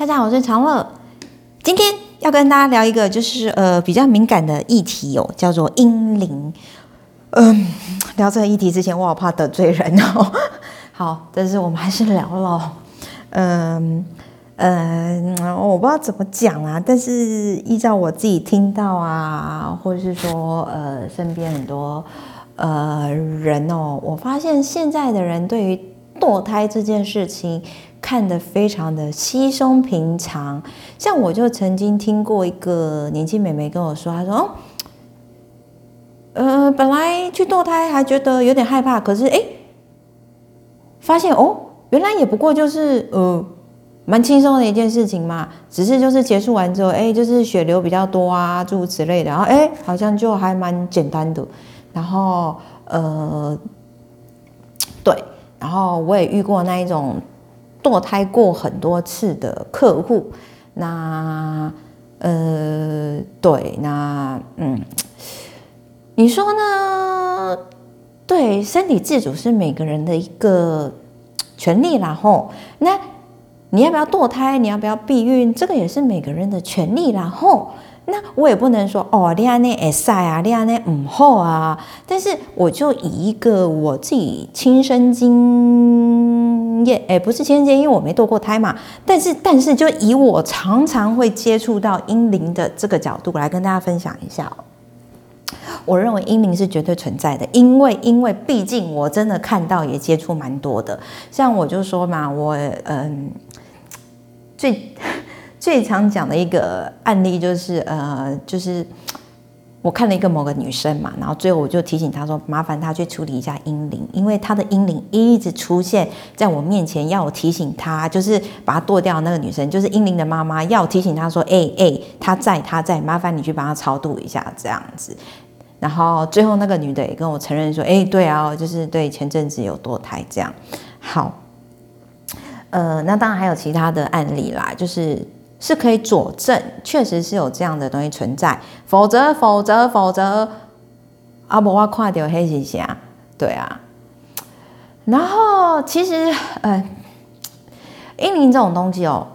大家好，我是長樂。今天要跟大家聊一個就是呃比較敏感的議題哦，叫做嬰靈。嗯，聊這個議題之前，我好怕得罪人哦。好，但是我們還是聊了。嗯嗯，我不知道怎麼講啊，但是依照我自己聽到啊，或者是說呃身邊很多呃人哦，我發現現在的人對於墮胎這件事情看得非常的稀鬆平常，像我就曾經聽過一個年輕美眉跟我說，她說、哦：“呃，本來去墮胎還覺得有點害怕，可是哎、欸，發現哦，原來也不過就是呃，蠻輕鬆的一件事情嘛。只是就是結束完之後，哎、欸，就是血流比較多啊，諸如此類的。然後誒、欸，好像就還蠻簡單的。然後呃，對。”然後我也遇過那一種墮胎過很多次的客戶，那呃，對，那嗯，你說呢？對，身體自主是每個人的一個權利，然後、哦、那。.你要不要墮胎？你要不要避孕？這個也是每個人的權利啦。然、哦、後，那我也不能說哦，戀愛那也塞啊，戀愛那嗯後啊。但是，我就以一個我自己親身經驗，哎、欸，不是親身經驗，因為我沒墮過胎嘛。但是，但是就以我常常會接觸到嬰靈的這個角度來跟大家分享一下。我認為嬰靈是絕對存在的。因為因為畢竟我真的看到也接觸蠻多的，像我就說嘛，我嗯、呃、最最常講的一個案例就是呃就是我看了一個某個女生嘛，然後最後我就提醒她說，麻煩她去處理一下嬰靈，因為她的嬰靈一直出現在我面前，要我提醒她就是把她墮掉那個女生就是嬰靈的媽媽，要提醒她說哎哎、欸欸、她在她在麻煩你去幫她超度一下這樣子。然後最後那個女的也跟我承認說：“哎，對啊，就是對前陣子有墮胎這樣。”好，呃，那當然還有其他的案例啦，就是是可以佐證，確實是有這樣的東西存在。否則，否則，否則，阿伯要跨掉黑心蝦，對啊。然後其實，呃，嬰靈這種東西哦，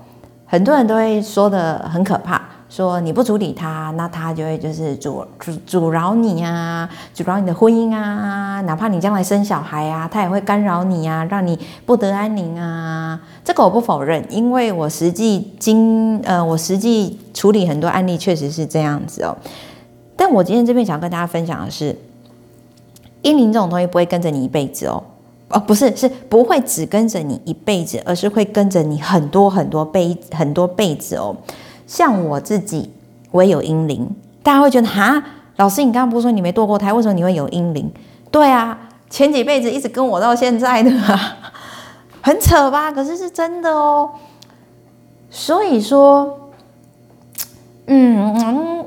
很多人都會說的很可怕。說你不處理他，那他就會就是阻阻阻擾你啊，阻擾你的婚姻啊，哪怕你將來生小孩啊，他也會干擾你啊，讓你不得安寧啊。這個我不否認，因為我實際經呃，我實際處理很多案例確實是這樣子哦。但我今天這邊想跟大家分享的是，嬰靈這種東西不會跟着你一輩子哦，哦不是，是不會只跟着你一輩子，而是會跟着你很多很多輩很多輩子哦。像我自己，我也有嬰靈，大家會覺得哈，老師，你剛剛不是說你沒墮過胎，為什麼你會有嬰靈？對啊，前幾輩子一直跟我到現在的，啊、很扯吧？可是是真的哦。所以說，嗯，嗯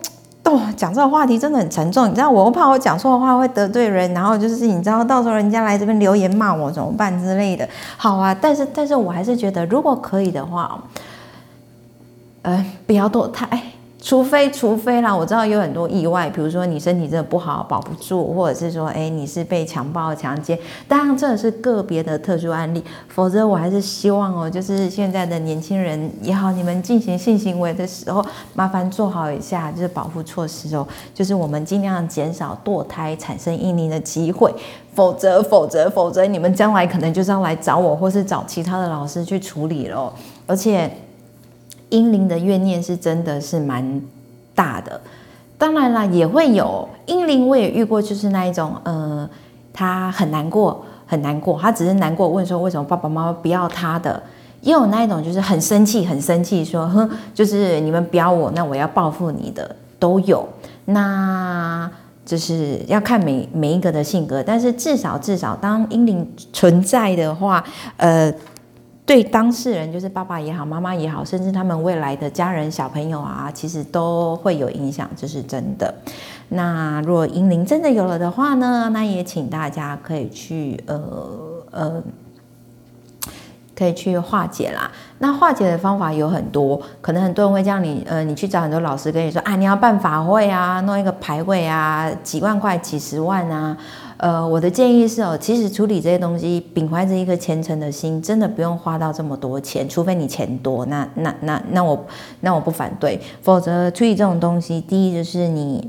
哦，講這個話題真的很沉重，你知道，我怕我講錯話會得罪人，然後就是你知道，到時候人家來這邊留言罵我怎麼辦之類的。好啊，但是但是我還是覺得，如果可以的話。呃，不要墮胎，除非除非啦，我知道有很多意外，比如說你身體真的不好保不住，或者是說，哎、欸，你是被強暴、強姦，當然這是個別的特殊案例。否則我還是希望哦、喔，就是現在的年輕人也好，你們進行性行為的時候，麻煩做好一下就是保護措施哦、喔，就是我們儘量減少墮胎產生嬰靈的機會。否則否則否則，你們將來可能就是要來找我，或是找其他的老師去處理嘍。而且。嬰靈的怨念是真的是蠻大的，當然啦，也會有嬰靈，我也遇過，就是那一種，呃，他很難過，很難過，他只是難過，問說為什麼爸爸媽媽不要他的，也有那一種就是很生氣，很生氣，說哼，就是你們不要我，那我要報復你的，都有，那就是要看每每一個的性格，但是至少至少當嬰靈存在的話，呃。對當事人，就是爸爸也好，媽媽也好，甚至他們未來的家人、小朋友啊，其實都會有影響，這、就是真的。那如果嬰靈真的有了的話呢？那也請大家可以去呃呃。呃可以去化解啦。那化解的方法有很多，可能很多人會叫你，呃，你去找很多老師跟你說，啊，你要辦法會啊，弄一個牌位啊，幾萬塊、幾十萬啊。呃，我的建議是哦，其實處理這些東西，秉懷着一顆虔誠的心，真的不用花到這麼多錢，除非你錢多，那那那那我那我不反對。否則處理這種東西，第一就是你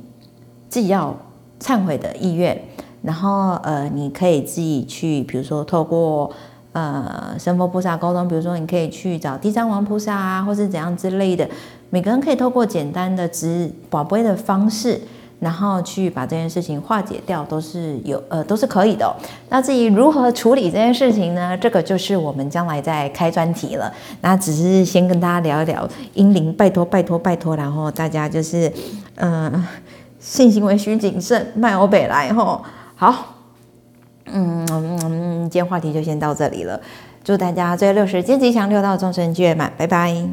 自己要懺悔的意願，然後呃，你可以自己去，比如說透過。呃，神佛菩薩溝通，比如說你可以去找地藏王菩薩啊，或是怎樣之類的。每個人可以透過簡單的植寶貝的方式，然後去把這件事情化解掉，都是有呃，都是可以的哦。那至於如何處理這件事情呢？這個就是我們將來再開專題了。那只是先跟大家聊一聊，嬰靈拜托拜托拜托，然後大家就是嗯，性、呃、行為需謹慎，賣歐北來吼，好。嗯，嗯，今天話題就先到這裡了。祝大家最六六時皆吉祥，六道眾生皆圓滿。拜拜。嗯嗯